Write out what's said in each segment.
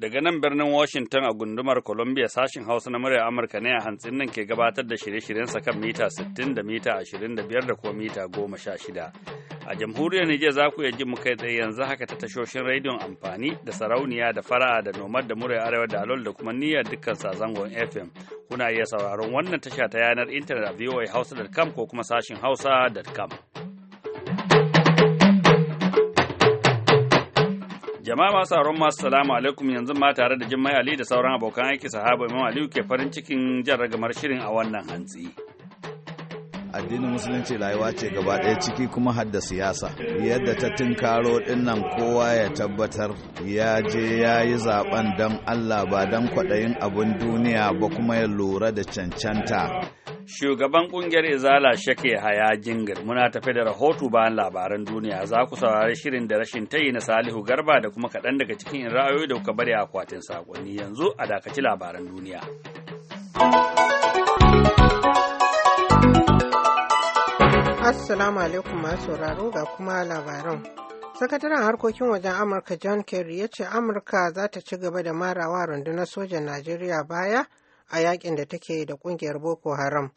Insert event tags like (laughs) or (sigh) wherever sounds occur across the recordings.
Daga nan birnin Washington a gundumar Columbia sashin Hausa na murya Amurka ne a hantsin nan ke gabatar da shirye-shiryensa kan mita 60 da mita 25 da kuma mita 16. A jamhuriyar Nijar za ku iya ji mu kai tsaye yanzu haka ta tashoshin rediyon amfani da sarauniya da fara'a da nomad da murya arewa da alol da kuma niyyar dukkan sazangon FM. Kuna iya sauraron wannan tasha ta yanar intanet a voahausa.com ko kuma sashin hausa.com. Jama'a masu sauraron masu salamu alaikum yanzu ma tare da Jummai Ali da sauran abokan aiki sahaba Imam Aliyu ke farin cikin jan ragamar shirin a wannan hantsi. addinin musulunci rayuwa ce gaba ɗaya ciki kuma hadda siyasa yadda ta tinkaro ɗin nan kowa ya tabbatar ya je ya yi zaben don allah ba don kwaɗayin abin duniya ba kuma ya lura da cancanta Shugaban kungiyar Izala Shake Haya Jingir muna tafi da rahoto bayan labaran duniya za ku saurari shirin da rashin tayi na Salihu Garba da kuma kaɗan daga cikin ra'ayoyi da kuka bari akwatin sakonni yanzu a dakaci labaran duniya. Assalamu alaikum masu sauraro ga kuma labaran. Sakataren harkokin wajen Amurka John Kerry ya ce Amurka za ta ci gaba da marawa rundunar sojan Najeriya baya a yakin da take da kungiyar Boko Haram.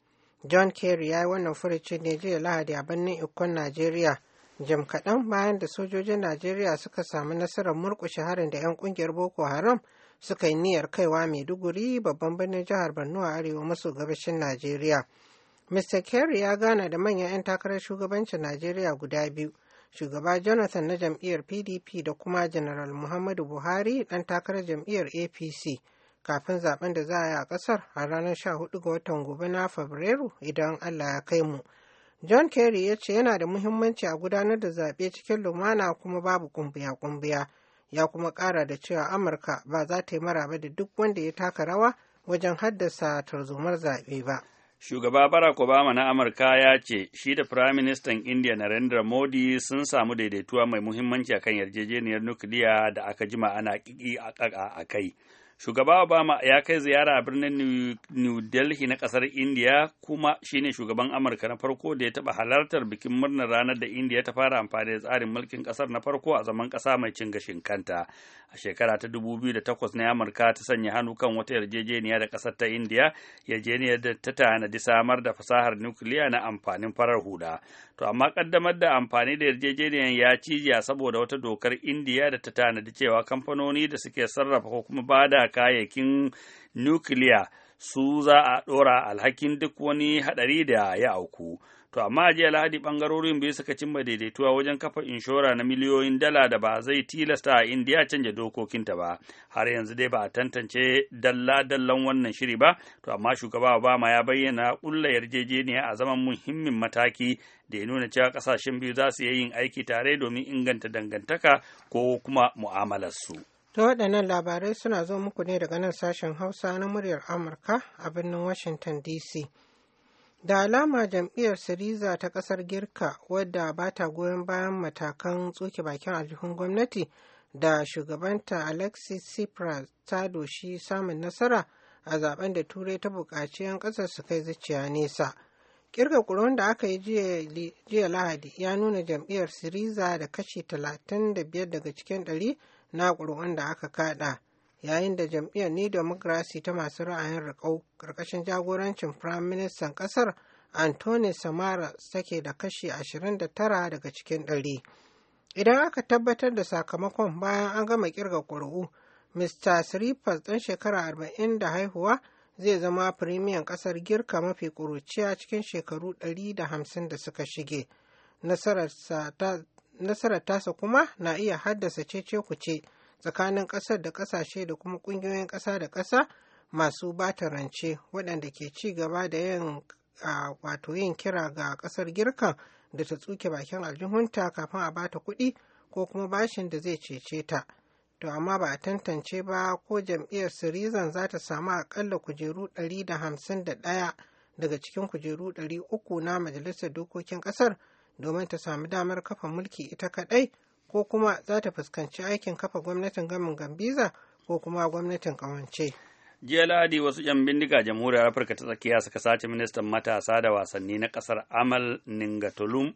john kerry ya yi wannan furucin ne jiya lahadi a birnin ikon najeriya jim kaɗan bayan da sojojin najeriya suka samu nasarar murƙushe harin da 'yan ƙungiyar boko haram suka yi niyyar kaiwa mai duguri, babban birnin jihar borno a arewa maso gabashin najeriya mr kerry ya gana da manyan 'yan takarar shugabancin najeriya guda biyu shugaba jonathan na jam'iyyar pdp da kuma general muhammadu buhari ɗan takarar jam'iyyar apc kafin zaben da za a yi a kasar a ranar 14 ga watan gobe na fabrairu idan allah ya kai mu john kerry ya ce yana da muhimmanci a gudanar da zaɓe cikin lumana kuma babu kumbiya-kumbiya ya kuma ƙara da cewa amurka ba za ta yi maraba da duk wanda ya taka rawa wajen haddasa tarzomar zaɓe ba shugaba barack obama na amurka ya ce shi da prime minister india narendra modi sun samu daidaituwa mai muhimmanci akan yarjejeniyar nukiliya da aka jima ana kiki a kai shugaba obama ya kai ziyara a birnin new delhi na kasar india kuma shine shugaban amurka na farko da ya taba halartar bikin murnar ranar da india ta fara amfani da tsarin mulkin kasar na farko a zaman kasa mai cin gashin kanta a shekara ta 2008 na amurka ta sanya hannu kan wata yarjejeniya da ƙasar ta indiya yarjejeniyar da ta tanadi samar da fasahar nukiliya na amfanin farar hula to amma kaddamar da amfani da yarjejeniyar ya cijiya saboda wata dokar indiya da ta tanadi cewa kamfanoni da suke sarrafa ko kuma ba da kayayyakin nukiliya su za a ɗora alhakin duk wani haɗari da ya auku To amma jiya Lahadi bangarorin bai suka cimma daidaituwa wajen kafa inshora na miliyoyin dala da ba zai tilasta a Indiya canja dokokinta ba. Har yanzu dai ba a tantance dalla-dallan wannan shiri ba, to amma shugaba Obama ya bayyana ƙulla yarjejeniya a zaman muhimmin mataki da ya nuna cewa ƙasashen biyu za su yin aiki tare domin inganta dangantaka ko kuma mu'amalarsu. To waɗannan labarai suna zo muku ne daga nan sashen Hausa na muryar Amurka a birnin Washington DC. Da alama jam'iyyar Siriza ta ƙasar Girka wadda ba ta goyon bayan matakan tsoke bakin aljihun gwamnati da shugabanta Alexis Tsipras ta doshi samun nasara a zaben da Turai ta buƙaci 'yan ƙasar su kai zuciya nesa. Kirga kuron da aka yi jiya Lahadi ya nuna jam'iyyar Siriza da kashi 35 daga cikin 100 na kuron da aka kada. yayin da jam'iyyar New Democracy ta masu ra'ayin riƙau ƙarƙashin jagorancin Firayim Ministan ƙasar Anthony Samara sake da kashi 29 daga cikin ɗari. Idan aka tabbatar da sakamakon bayan an gama kirga ƙuri'u, Mr. sripas ɗan shekara 40 da haihuwa zai zama firimiyan ƙasar Girka mafi ƙuruciya cikin shekaru 150 da suka shige. Nasarar tasa kuma na iya haddasa cece kuce tsakanin ƙasar da ƙasashe da kuma ƙungiyoyin ƙasa da ƙasa masu bata rance waɗanda ke ci gaba da yin ah, wato yin kira ga ƙasar girka da ta tsuke bakin aljihunta kafin a bata kuɗi ko kuma bashin da zai cece ta to amma ba a tantance ba ko jam'iyyar sirizan za ta samu aƙalla kujeru ɗari da da hamsin ɗaya daga cikin kujeru ɗari uku na majalisar dokokin ƙasar domin ta samu damar kafa mulki ita kaɗai ko kuma za ta fuskanci aikin kafa gwamnatin gamin gambiza ko kuma gwamnatin ƙawance. jiya lahadi wasu yan bindiga jamhuriyar afirka ta tsakiya suka sace ministan matasa da wasanni na kasar amal ningatulum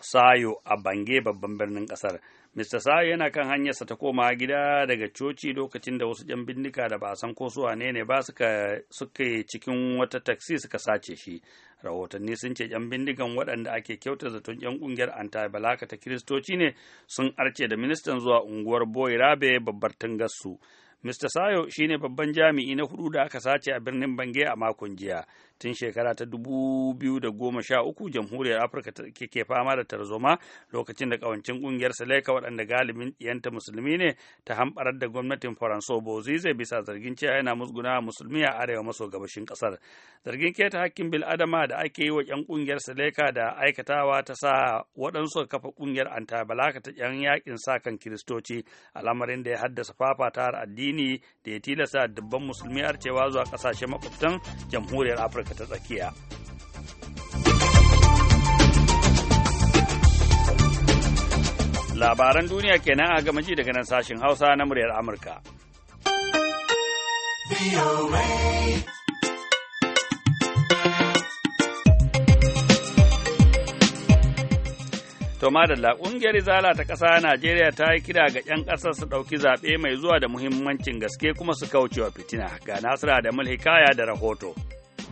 sayo a bange babban birnin kasar Mr. Sayo yana kan hanyarsa ta koma gida daga coci lokacin da wasu yan bindiga da ba san ko suwa ne ba suka suke cikin wata taksi suka sace shi. Rahotanni sun ce yan bindigan waɗanda ake kyauta zaton yan ƙungiyar anti-balaka ta Kiristoci ne sun arce da ministan zuwa unguwar Boy Rabe babbar tangarsu. Mr. Sayo shine babban jami'i na hudu da aka sace a birnin Bange a makon jiya. tun shekara ta dubu biyu da goma sha uku jamhuriyar afirka ke fama da tarzoma lokacin da kawancin kungiyar seleka waɗanda galibin yanta musulmi ne ta hamɓarar da gwamnatin faranso bozize bisa zargin cewa yana musguna musulmi a arewa maso gabashin ƙasar zargin keta hakkin bil'adama da ake yi wa 'yan kungiyar seleka da aikatawa ta sa waɗansu kafa kungiyar antabalaka ta 'yan yakin sa kan kiristoci al'amarin da ya haddasa fafatawar addini da ya tilasta dubban musulmi arcewa zuwa ƙasashen makwabtan jamhuriyar afirka ta tsakiya. Labaran duniya kenan a gamaji daga nan sashen Hausa na muryar Amurka. To madalla ƙungiyar Izala ta ƙasa Najeriya ta yi kira ga 'yan ƙasar su ɗauki zaɓe mai zuwa da muhimmancin gaske kuma su kaucewa fitina ga Nasira da Mulhikaya da rahoto.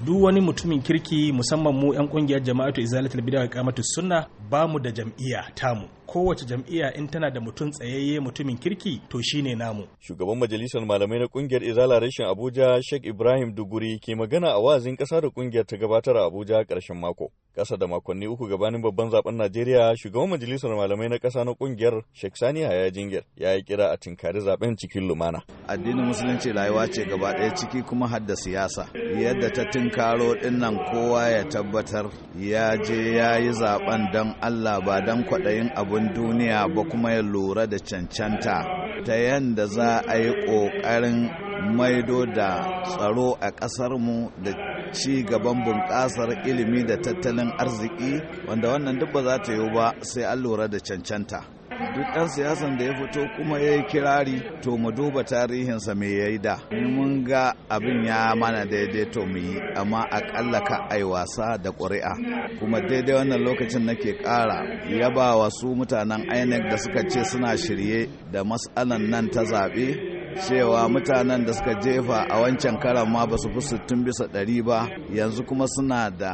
duk wani mutumin kirki musamman mu 'yan kungiyar jama'atu izalatul bid'a wa sunna ba mu da jam'iyya tamu kowace jam'iyya in tana da mutum tsayayye mutumin kirki to shine namu shugaban majalisar malamai na kungiyar izala rashin abuja sheikh ibrahim duguri ke magana a wazin kasa da kungiyar ta gabatar a abuja karshen mako kasa da makonni uku gabanin babban zaben najeriya shugaban majalisar malamai na kasa na kungiyar sheikh sani haya jingir ya yi kira a tinkari zaben cikin lumana addinin musulunci rayuwa ce gaba ɗaya ciki kuma hadda siyasa yadda ta tinkaro dinnan kowa ya tabbatar ya je ya yi zaben don allah ba don kwaɗayin abun abin duniya ba kuma ya lura da cancanta ta yadda za a yi ƙoƙarin maido da tsaro a ƙasarmu da ci gaban bunƙasar ilimi da tattalin arziki wanda wannan duk ba za ta yiwu ba sai an lura da cancanta duk ɗan siyasan da ya fito kuma ya yi kirari to mu duba tarihinsa me ya yi da mun ga abin ya mana daidai to mu yi amma akalla ka ai wasa da ƙuri'a kuma daidai wannan lokacin nake ƙara yaba wa su mutanen inec da suka ce suna shirye da matsalan nan ta zaɓe cewa mutanen da suka jefa a wancan karan ma ba su fi sittin bisa ɗari ba yanzu kuma suna da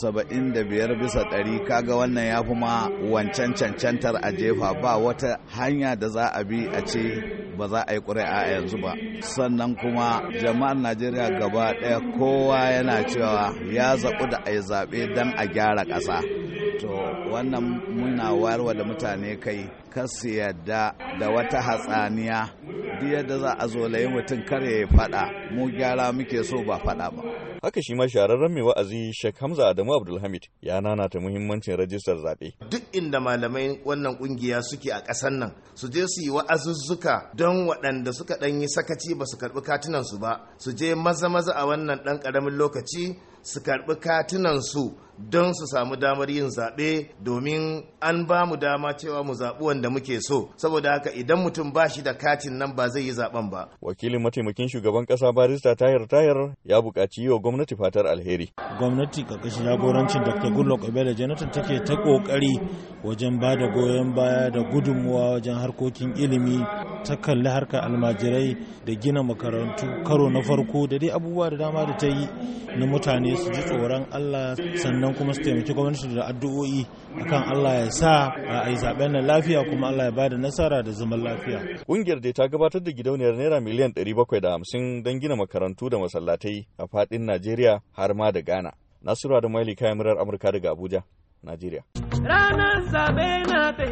saba'in da biyar bisa ɗari kaga wannan ya fi ma wancan cancantar a jefa ba wata hanya da za a bi a ce ba za a yi ƙuri'a a yanzu ba sannan kuma jama'ar najeriya gaba ɗaya kowa yana cewa ya zaɓu da a yi zaɓe don a gyara ƙasa to wannan muna warwa da mutane kai kasu yadda da wata hatsaniya duk yadda za a zo layi mutum kar ya faɗa mu gyara muke so ba faɗa ba haka shi ma shahararren mai wa'azi Sheikh Hamza Adamu Abdulhamid ya nanata muhimmancin rajistar zaɓe. Duk inda malamai wannan kungiya suke a ƙasar nan su je su yi wa'azuzzuka don waɗanda suka ɗan yi sakaci ba su karɓi katunan su ba su je maza maza a wannan ɗan ƙaramin lokaci su karɓi katunan su don su samu damar yin zaɓe domin an ba mu dama cewa mu zaɓi wanda muke so saboda haka idan mutum ba shi da katin nan ba zai yi zaɓen ba. Wakilin mataimakin shugaban ƙasa barista tayar tayar ya buƙaci yi wa gwamnati fatar alheri. Gwamnati ƙarƙashin jagorancin Dr. Goodluck Obele Jonathan take ta ƙoƙari wajen ba da goyon baya da gudunmuwa wajen harkokin ilimi ta kalli harkar almajirai da gina makarantu karo na farko da dai abubuwa da dama da ta yi na mutane su ji tsoron Allah sannan sannan kuma su taimaki gwamnati da addu'o'i akan Allah ya sa a yi zaben nan lafiya kuma Allah ya bada nasara da zaman lafiya. Ƙungiyar dai ta gabatar da gidauniyar naira miliyan 750 don gina makarantu da masallatai a faɗin Najeriya har ma da Ghana. Nasiru da kayan murar Amurka daga Abuja, Najeriya. Ranar zabe na ta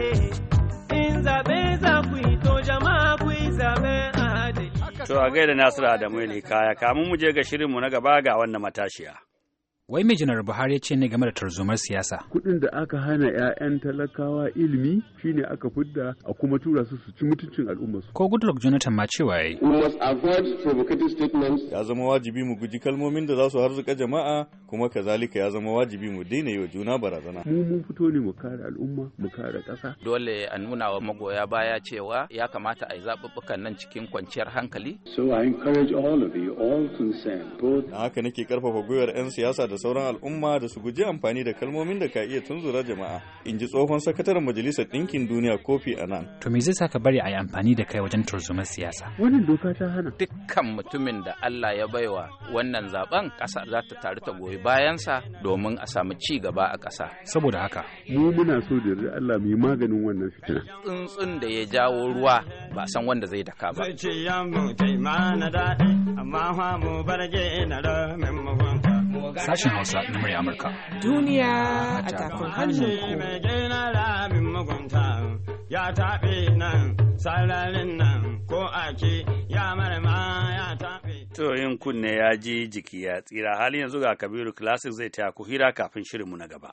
in zabe za ku yi to jama'a ku yi zabe a To a gaida Nasiru Adamu Ali kaya kamun mu je ga shirinmu na gaba ga wannan matashiya. Wai mai janar Buhari ya ce ne game da tarzomar siyasa. Kuɗin da aka hana 'ya'yan talakawa ilimi shine aka fidda a kuma tura su su ci mutuncin al'umma Ko Goodluck Jonathan ma cewa yayi. We Ya zama wajibi mu guji kalmomin da za su harzuka jama'a kuma kazalika ya zama wajibi mu daina yi wa juna barazana. Mu mun fito ne mu kare al'umma mu kare ƙasa. Dole a nuna wa magoya baya cewa ya kamata a yi zaɓuɓɓukan nan cikin kwanciyar hankali. So I encourage all of you all concerned. Both... Na haka nake karfafa gwiwar 'yan siyasa da sauran al'umma da su guji amfani da kalmomin da ka iya tunzura jama'a in ji tsohon sakataren majalisar ɗinkin duniya kofi a nan. to me zai sa ka bari a yi amfani da kai wajen turzumar siyasa wannan doka ta hana dukkan mutumin da Allah ya baiwa wannan zaben ƙasa za ta taru ta goyi bayansa domin a samu ci gaba a ƙasa saboda haka mu muna so da yarda Allah mu maganin wannan fitina tsuntsun da ya jawo ruwa ba san wanda zai daka ba zai ce yamu kai ma na daɗi amma mu barge na ramin mu sashen Hausa na murya Amurka. Duniya a tafin mugunta Ya taɓe nan, sararin nan, ko ake ya marama ya taɓe. Toyin kunne ya ji jiki ya tsira, hali yanzu ga Kabiru Classic zai taya ku hira kafin shirinmu na gaba.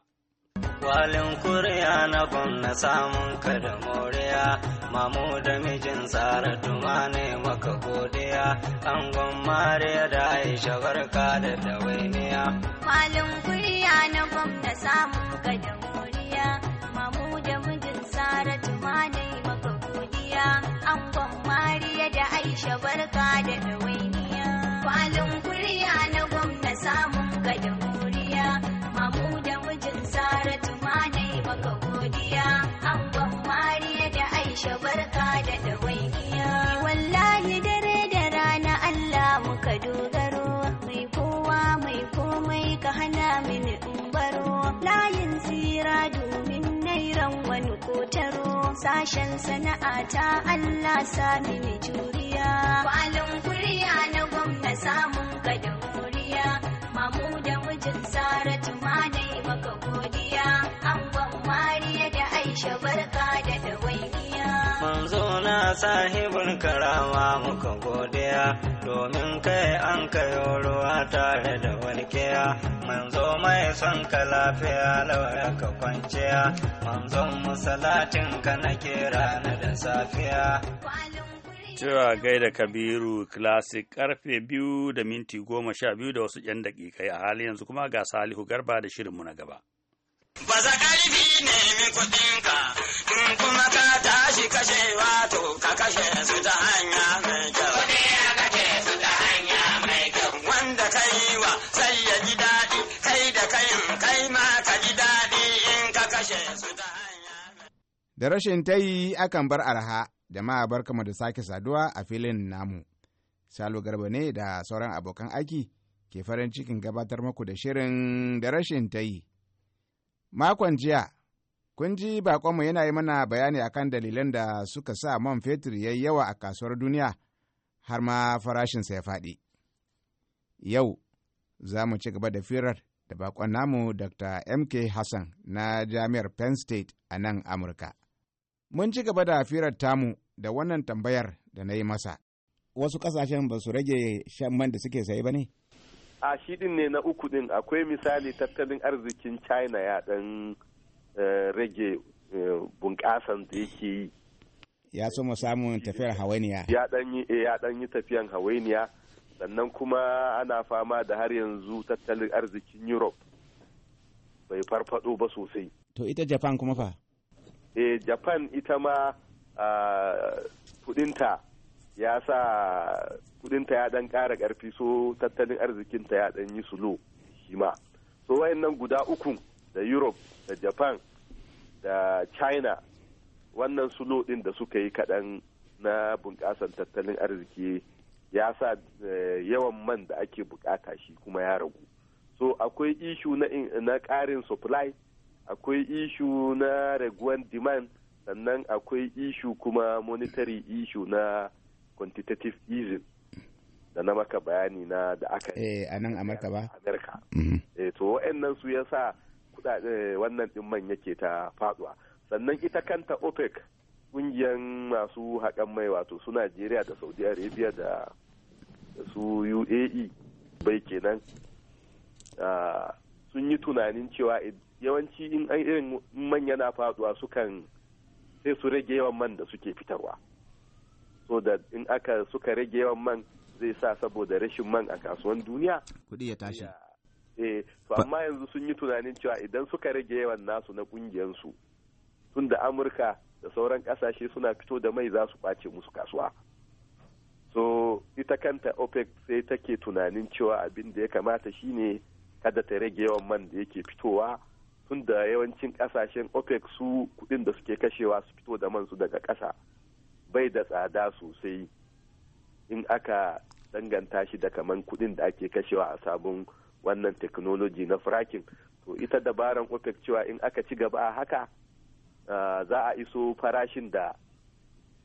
Walin kuriya na na samun ka da moriya, mamu da mijin tsara tuma ne maka godiya, angon mariya da aisha barka da dawainiya. Walin kuriya na na samun ka da moriya, mamu da mijin tsara tuma ne kotaro sashen sana'a ta Allah sami mai juriya kwalin kuriya na gwamna samun ka da muriya mamu da mijin sarat sahibin karama muka godiya domin kai an kayo ruwa tare da walkiya manzo mai son ka lafiya lauya ka kwanciya manzon musalatin ka na kira na da safiya cewa gaida kabiru classic karfe biyu da minti goma sha biyu da wasu 'yan dakikai a hali yanzu kuma ga salihu garba da shirin mu na gaba Baza ƙarfi nemi kuɗinka, in kuma ka tashi kashe wato ka kashe su ta hanya mai kyau. Kuɗi ya kashe su ta hanya mai kyau. Wanda ka yi wa sai ya ji daɗi, kai da kayan kai ma ka ji daɗi in ka kashe su ta hanya Da rashin tayi akan bar arha, jama'a barkama da sake saduwa a filin namu. Salo Garba ne da sauran abokan aiki ke farin cikin gabatar muku da shirin da rashin tayi. Makon jiya, kun ji bakonmu yana yi mana bayani akan dalilan da suka sa man fetur ya yawa a kasuwar duniya har ma farashinsa ya faɗi. Yau, za mu ci gaba da firar da bakon namu Dr. MK Hassan na Jami'ar Penn State a nan Amurka. Mun ci gaba da firar tamu da wannan tambayar da na yi masa. Wasu ƙasashen ba su rage shan man da suke saye ba ne? a shi din ne na uku din akwai misali tattalin arzikin china ya dan eh, rage eh, bunƙasan da yake yi ya so samun tafiyar hawainiya ya dan eh, yi tafiyan hawainiya sannan kuma ana fama da har yanzu tattalin arzikin europe bai farfado ba sosai to ita japan kuma fa eh japan ita ma ah, kudinta ya sa kudinta ya dan ƙara ƙarfi so tattalin arzikin ta ya dan yi sulo shi ma so wayannan guda uku da europe da japan da china wannan sulo din da suka yi kaɗan na bunƙasan tattalin arziki ya sa eh, yawan man da ake bukata shi kuma ya ragu so akwai ishu na ƙarin supply akwai ishu na raguwan demand sannan akwai ishu kuma monetary ishu na quantitative easing da na maka bayani na da aka yi eh, a nan amurka ba amurka mm-hmm. eh, to wa'annan su yasa sa eh, wannan din man yake ta faduwa sannan ita kanta opec kungiyar masu haƙan mai wato su najeriya da saudi arabia da su uae bai kenan ah, sun yi tunanin cewa yawanci in an irin manya na faduwa sukan sai su rage yawan man da suke fitarwa so da in aka suka rage yawan man zai sa saboda rashin man a kasuwan duniya kudi ya tashi eh to amma yanzu sun yi tunanin cewa idan suka rage yawan nasu na su tun da amurka da sauran kasashe suna fito da mai za su kwace musu kasuwa so ita kanta opec sai take tunanin cewa abin da ya kamata shine kada ta rage yawan man da yake fitowa tun da yawancin kasashen opec su kudin da suke kashewa su fito da man su daga kasa. bai da tsada sosai in aka danganta shi da kaman kuɗin da ake kashewa a sabon wannan teknoloji na fracking to ita dabaran opec cewa in aka ci gaba a haka za a iso farashin da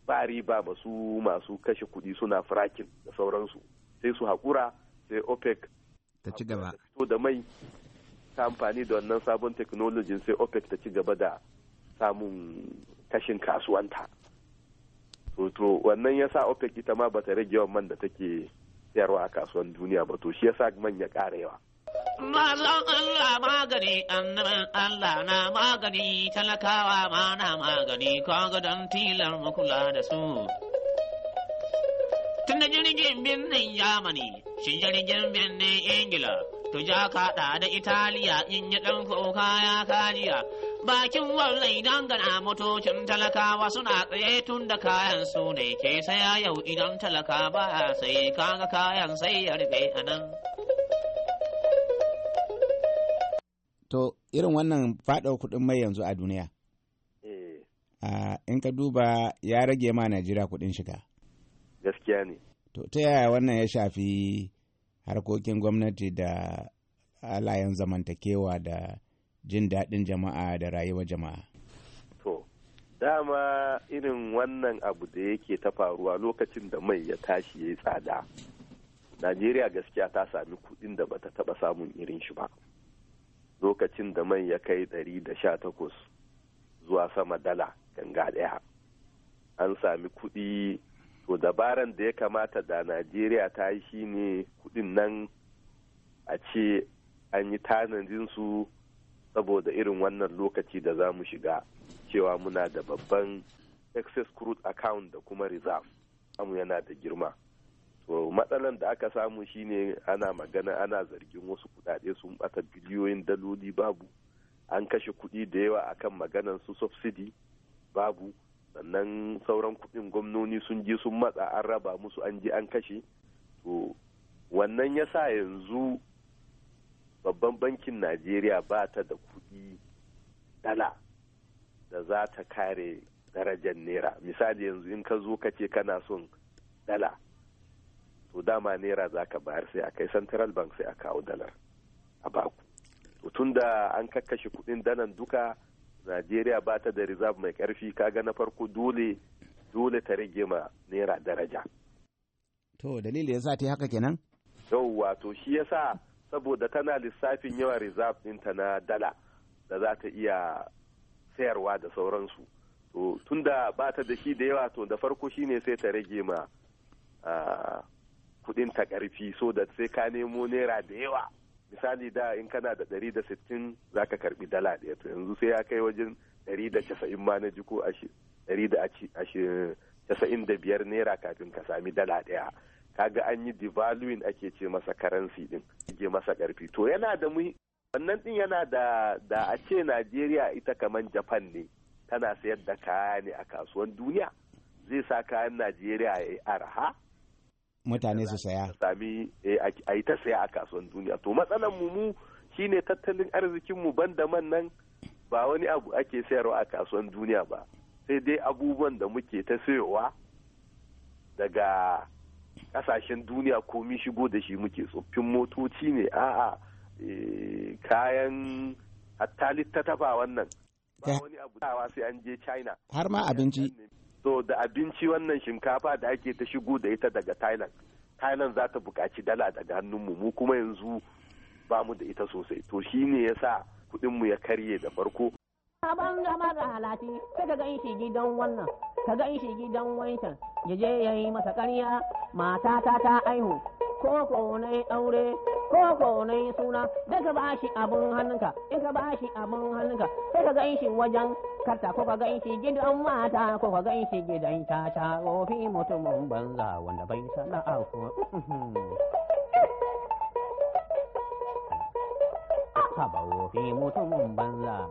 ba riba masu masu kashe kuɗi suna fracking da sauransu sai su haƙura sai opec ta ci gaba to da mai ta amfani da wannan sabon technology sai opec ta ci gaba da samun kashin kasuwanta so to wannan yasa opec ita ma bata rage yawan man da take sayarwa a kasuwan duniya ba to shi sa man ya ƙara yawa Mazan Allah magani, annabin Allah na magani, talakawa ma na magani, kaga don tilar makula da su. Tun da jirgin birnin Yamani, shi jirgin birnin Ingila, to ja kaɗa da Italiya in yi ɗan kuka ya kariya. bakin wallai idan gana motocin talakawa suna tsaye tun da kayan su ne ke saya yau idan talaka ba sai kaga kayan sai ya rufe a nan. To irin wannan faɗa kuɗin mai yanzu a duniya. Eh. In ka duba ya rage ma Najeriya kuɗin shiga. Gaskiya ne. To ta yaya wannan ya shafi harkokin gwamnati da alayen zamantakewa da jin daɗin jama'a da rayuwar jama'a. To, dama irin wannan abu da yake ta faruwa lokacin da mai ya tashi ya yi tsada. Najeriya gaskiya ta sami kuɗin da bata taɓa samun irin shi ba. Lokacin da mai ya kai ɗari da sha takwas zuwa sama dala ganga ɗaya. An sami kuɗi to dabaran da ya kamata da Najeriya ta yi ne kuɗin nan a ce an yi tanadin su saboda irin wannan lokaci da za mu shiga cewa muna da babban excess crude account da kuma reserve amu yana da girma to matsalan da aka samu shine ana magana ana zargin wasu kudade sun bata biliyoyin daloli babu an kashe kudi da yawa akan maganan su subsidy babu sannan sauran kudin gwamnoni sun je sun matsa an raba musu an je an kashe to wannan ya yanzu babban bankin najeriya ba ta da kuɗi dala da za ta kare darajar naira misali yanzu in ka zo ka ce kana son dala to dama naira za ka bayar sai a kai central bank sai a kawo dalar a baku to tun da an kakkashe kuɗin dalan duka najeriya ba ta da reserve mai karfi kaga na farko dole dole ta rage ma naira daraja to dalili sa ta yi haka kenan yauwa to shi yasa saboda tana lissafin yawan reserve ɗinta na dala da za ta iya sayarwa da sauransu to tunda ba ta da shi da yawa to da farko shine sai ta rage ma kudin ta karfi so da sai ka nemo naira da yawa misali da in kana da ɗari da sittin za ka karbi dala ɗaya to yanzu sai ya kai wajen ɗari ma na jiko ɗari da biyar naira kafin ka sami dala ɗaya kaga an yi devaluing ake ce masa karansi din ke masa karfi to yana da mu wannan din yana da da a ce Najeriya ita kaman Japan ne tana sayar da kaya ne a kasuwan duniya zai sa kayan Najeriya ya arha mutane su saya sami eh, a yi ta saya a kasuwan duniya to matsalan mu mu shine tattalin arzikin mu banda man nan ba wani abu ake sayarwa a kasuwan duniya ba sai dai abubuwan da muke ta sayowa daga kasashen duniya komi shigo da shi muke tsoffin motoci ne a'a eh, kayan hatta littattafa wannan ba wani abu sai an je china har ma abinci so da abinci wannan shinkafa da ake ta shigo da ita daga thailand thailand za ta buƙaci dala daga hannunmu mu mu kuma yanzu ba mu da ita sosai to shi ne ya sa kuɗinmu ya karye da farko sabon zama da halati sai ka gan shi gidan wannan ka gan shi gidan wancan ya je ya yi masa karya mata ta ta aihu ko ko ne aure ko ko ne suna da ka ba shi abun hannunka in ka ba shi abun hannunka sai ka gan shi wajen karta ko ka gan shi gidan mata ko ka gan shi gidan ta gofi mutumin banza wanda bai sana'a (laughs) ko ka ba wofi mutumin banza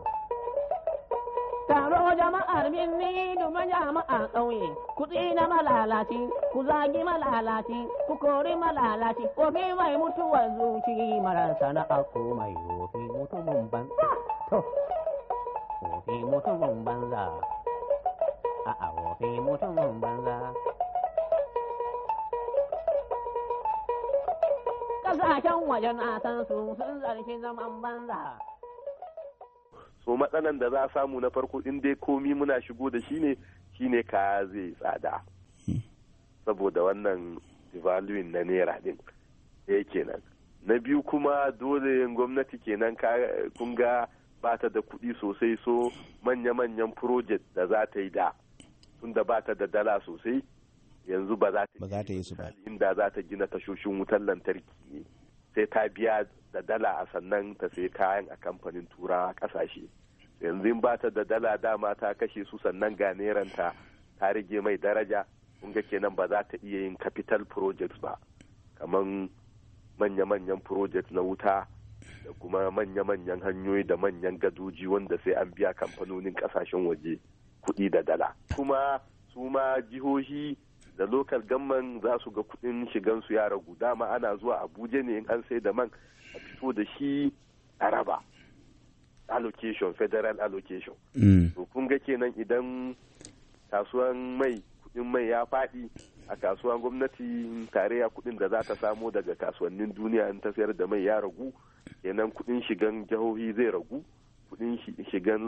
Taro jama'ar birni duma jama'a ƙauye, ku tsina malalaci, ku zagi malalaci, ku kori malalaci, kofi mai mutuwar zuci marar sana'a ko mai kofi mutumin banza. To, kofi mutumin banza, a'a kofi mutumin banza. Ƙasashen wajen a san su sun zarfi zaman banza. so matsalan da za a samu na farko in dai komi muna shigo da shi ne shine kaya zai tsada saboda wannan divaluin na naira din da nan na biyu kuma dole gwamnati kenan kun ga ba ta da kuɗi sosai so manya-manyan project da za ta yi da tunda ba ta da dala sosai yanzu ba za ta yi su ba inda za ta gina tashoshin wutar lantarki ne sai ta biya da dala a sannan ta sai kayan a kamfanin turawa kasashe yanzu ba ta da dala dama ta kashe su sannan ga neranta ta rage mai daraja kun ga kenan ba za ta iya yin capital projects ba kamar manya-manyan projects na wuta da kuma manya-manyan hanyoyi da manyan gadoji wanda sai an biya kamfanonin kasashen waje kuɗi da dala kuma su ma jihohi da lokal gamman za su ga kudin su ya ragu dama ana zuwa abuja ne in an sai da man a fito da shi a raba allocation federal allocation mm. to kun ga kenan idan kasuwan mai kudin mai ya faɗi a kasuwan gwamnati tarayya kudin da za ta samo daga kasuwannin duniya in ta sayar da mai ya ragu kenan kudin shigan jihohi zai ragu kudin shigan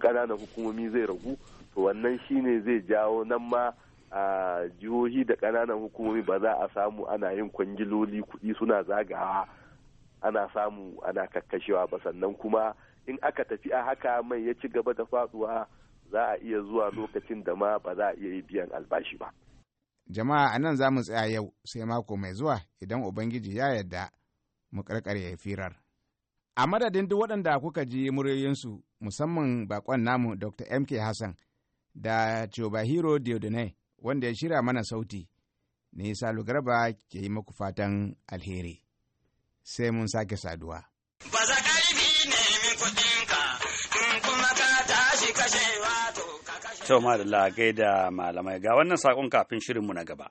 ƙananan hukumomi zai ragu to wannan shine zai jawo nan ma a jihohi da ƙananan hukumomi ba za a samu ana yin kwangiloli kuɗi suna zagawa ana samu ana kakkashewa ba sannan kuma in aka tafi a haka mai ya ci gaba da faduwa za a iya zuwa lokacin da ma ba za a iya yi biyan albashi ba. Jama'a anan nan za mu tsaya yau sai mako mai zuwa idan Ubangiji ya yarda mu karkare firar. A madadin duk waɗanda kuka ji muryoyinsu musamman bakon namu Dr. MK Hassan da Chobahiro diodonai wanda ya shirya mana sauti, ne Salu Garba ke yi maku fatan alheri. Sai mun sake saduwa. Ba da lagai da malamai ga wannan saƙon kafin shirinmu na gaba.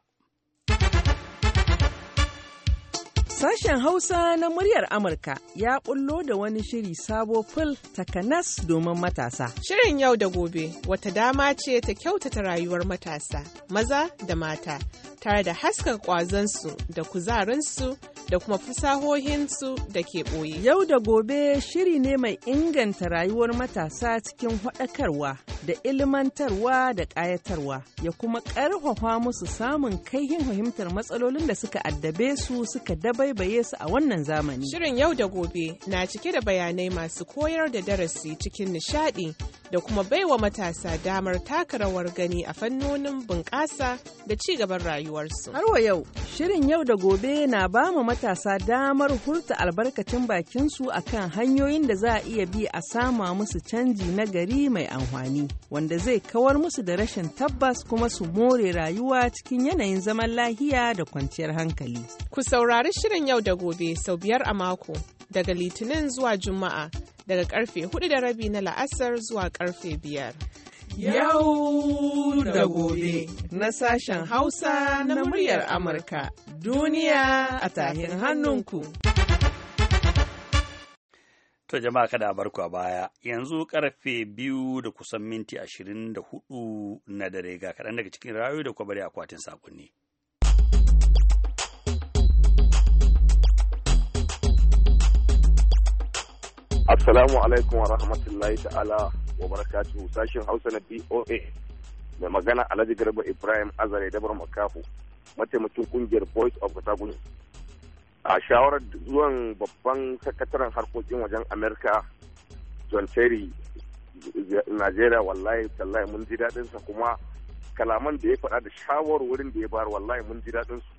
Sashen Hausa na muryar Amurka ya bullo da wani shiri sabo fil takanas domin matasa. Shirin yau da gobe wata dama ce ta kyautata rayuwar matasa, maza da mata, tare da haska kwazansu da kuzarinsu da kuma fasahohinsu da ke ɓoye. Yau da gobe shiri ne mai inganta rayuwar matasa cikin haɗakarwa da ilmantarwa da ƙayatarwa ya kuma ƙarfafa musu samun kaihin fahimtar matsalolin da suka addabe su suka dabaibaye su a wannan zamani. Shirin yau da gobe na cike da bayanai masu koyar da darasi cikin nishaɗi da kuma baiwa matasa damar taka rawar gani a fannonin bunƙasa da ci gaban rayuwarsu. Har wa yau, shirin yau da gobe na ba mu matasa damar hurta albarkacin bakinsu a kan hanyoyin da za a iya bi a sama musu canji na gari mai amfani wanda zai kawar musu da rashin tabbas kuma su more rayuwa cikin yanayin zaman lahiya da kwanciyar hankali. Ku saurari shirin yau da gobe sau biyar a mako daga litinin zuwa juma'a daga karfe hudu da rabi na la'asar zuwa karfe biyar. Yau da gobe na sashen Hausa na muryar Amurka duniya a tahin hannunku. To jama'a kada barku a baya yanzu karfe biyu da kusan minti ashirin da hudu na dare ga kaɗan daga cikin rayu da kwabari akwatin sakonni. Assalamu alaikum wa rahmatullahi ta'ala wa sashen Hausa na BOA mai magana Alhaji Garba Ibrahim Azare Dabar Makafu mataimakin kungiyar Voice of Katagun a shawarar zuwan babban sakataren harkokin wajen Amerika John Terry Najeriya wallahi tallahi mun ji daɗin sa kuma kalaman da ya faɗa da shawarwarin da ya bayar wallahi mun ji daɗin su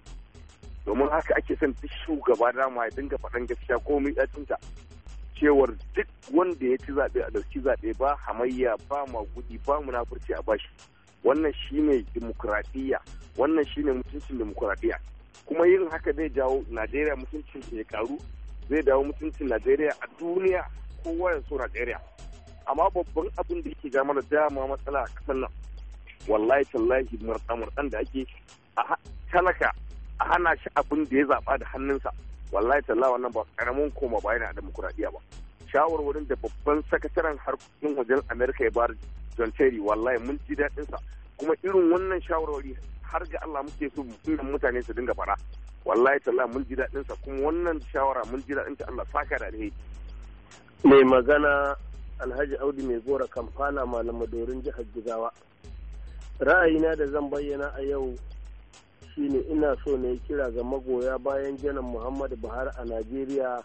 domin haka ake son duk shugaba dama ya dinga faɗan gaskiya ko mu ta cewar duk wanda ya ci zaɓe a ɗauki zaɓe ba hamayya ba magudi ba munafurci a bashi wannan shine demokuraɗiyya wannan shine mutuncin demokuraɗiyya kuma yin haka zai jawo najeriya mutuncin ya karu zai dawo mutuncin najeriya a duniya kowa ya so najeriya amma babban abin da yake da dama matsala a kasan nan wallahi tallahi murɗa-murɗan da ake a talaka a hana shi abin da ya zaɓa da hannunsa wallahi talla wannan ba karamin koma ba a demokuraɗiyya ba shawarwarin da babban sakataren harkokin wajen amerika ya bar john terry wallahi mun ji daɗinsa kuma irin wannan shawarwari har ga allah muke so mutane su dinga fara wallahi talla mun ji daɗinsa kuma wannan shawara mun ji ta allah saka da alheri mai magana alhaji audu mai gora kamfana malam madorin jihar jigawa ra'ayina da zan bayyana a yau shine ina so na kira ga magoya bayan janar muhammadu buhari a najeriya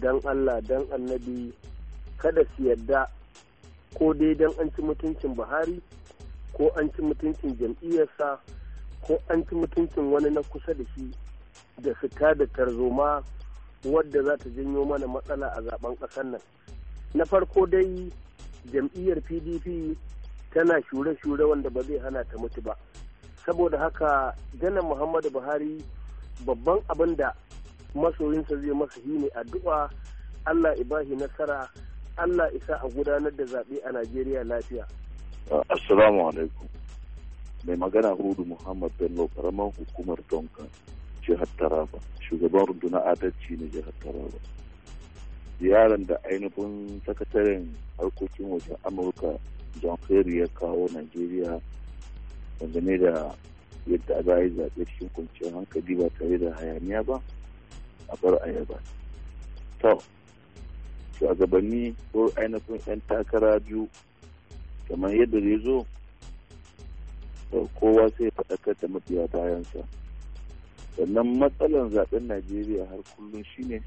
don allah don annabi kada su yadda ko dai don an ci mutuncin buhari ko an ci mutuncin jam'iyyarsa ko an ci mutuncin wani na kusa da shi da su da tarzoma wadda za ta janyo mana matsala a zaben ƙasar nan na farko dai jam'iyyar pdp tana shure-shure wanda ba zai hana ta mutu ba saboda haka janar muhammadu buhari babban abin da masoyinsa zai masa shi ne addu'a allah ibahi nasara allah isa a gudanar da zaɓe a najeriya lafiya uh, assalamu alaikum mai magana hudu muhammad bello karamar hukumar donkan jihar taraba shugaban rundunar adalci na jihar taraba ziyarar da ainihin sakataren harkokin wajen amurka john kerry ya kawo najeriya dangane da yadda a zaɓe cikin kwanciyar hankali ba tare da hayaniya ba a bar ayaba to shugabanni ko ainihin 'yan takara biyu kamar yadda zai zo kowa sai faɗakar da mafiya bayansa sannan matsalar zaɓen najeriya har kullum shine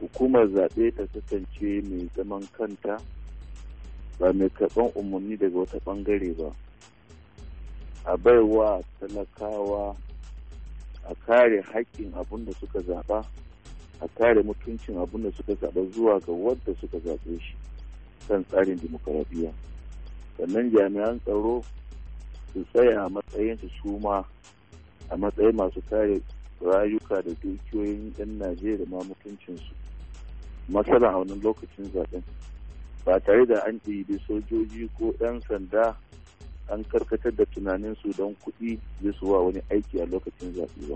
hukumar zaɓe ta kasance mai zaman kanta ba mai karɓar umarni daga wata ɓangare ba a baiwa talakawa a kare haƙƙin abin da suka zaɓa a kare mutuncin abin da suka zaɓa zuwa ga wadda suka zaɓe shi kan tsarin dimokuraɗiyya sannan jami'an tsaro su tsaya a matsayin su ma a matsayin masu kare rayuka da dukiyoyin 'yan najeriya ma mutuncinsu matsala a wani lokacin zaɓen ba tare da an ɗibi sojoji ko 'yan sanda an karkatar da tunanin su don kuɗi ya su wani aiki a lokacin zaɓe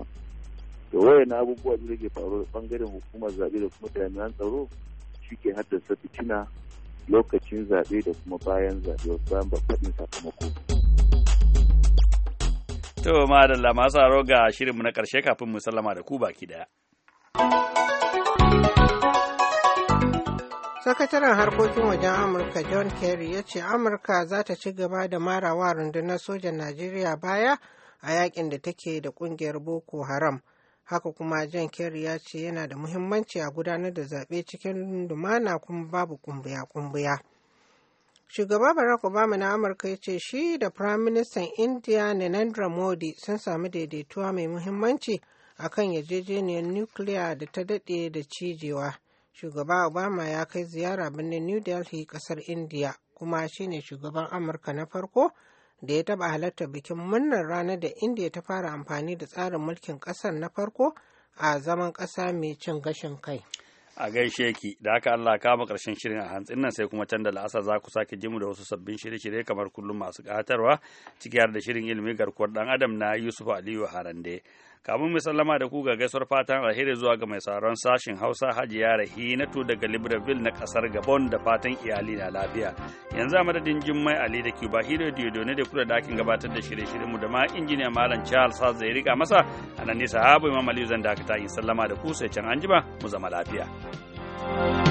ba da na abubuwa da rage faru ɓangaren hukumar zaɓe da kuma jami'an tsaro shi ke haddasa fitina lokacin zaɓe da kuma bayan zaɓe bayan faɗin sakamako. To madalla masu aro ga shirinmu na ƙarshe kafin mu sallama da ku baki ɗaya. Sakataren harkokin wajen Amurka John Kerry ya ce Amurka za ta ci gaba da marawa rundunar sojan Najeriya baya a yakin da take da kungiyar Boko Haram. Haka kuma John Kerry ya ce yana da muhimmanci a gudanar da zaɓe cikin lumana kuma babu kumbuya-kumbuya. Shugaba Barack Obama na Amurka ya ce shi da Prime Minister India Narendra Modi sun samu daidaituwa mai muhimmanci akan yarjejeniyar nukiliya da ta daɗe da cijewa. shugaba obama ya kai ziyara birnin new delhi kasar india kuma shine shugaban amurka na farko da ya taba halarta bikin murnar ranar da india ta fara amfani da tsarin mulkin kasar na farko a zaman kasa mai cin gashin kai a gaishe ki da haka Allah kama karshen shirin a hantsin nan sai kuma can da la'asa za ku sake jimu da wasu sabbin shirye-shirye kamar kullum masu ƙatarwa ciki har da shirin ilimi garkuwar dan adam na Yusuf Aliyu Harande kamun mai sallama da ku ga gaisuwar fatan alheri zuwa ga mai sauran sashen hausa hajiya rahinatu daga libreville na kasar gabon da fatan iyali na lafiya yanzu a madadin mai ali da cuba hiro diodone da kula dakin gabatar da shirye shirye mu da ma injiniya malam charles sa zai rika masa a nan nisa habu imam aliyu zan dakata in sallama da ku sai can anjima mu zama lafiya thank you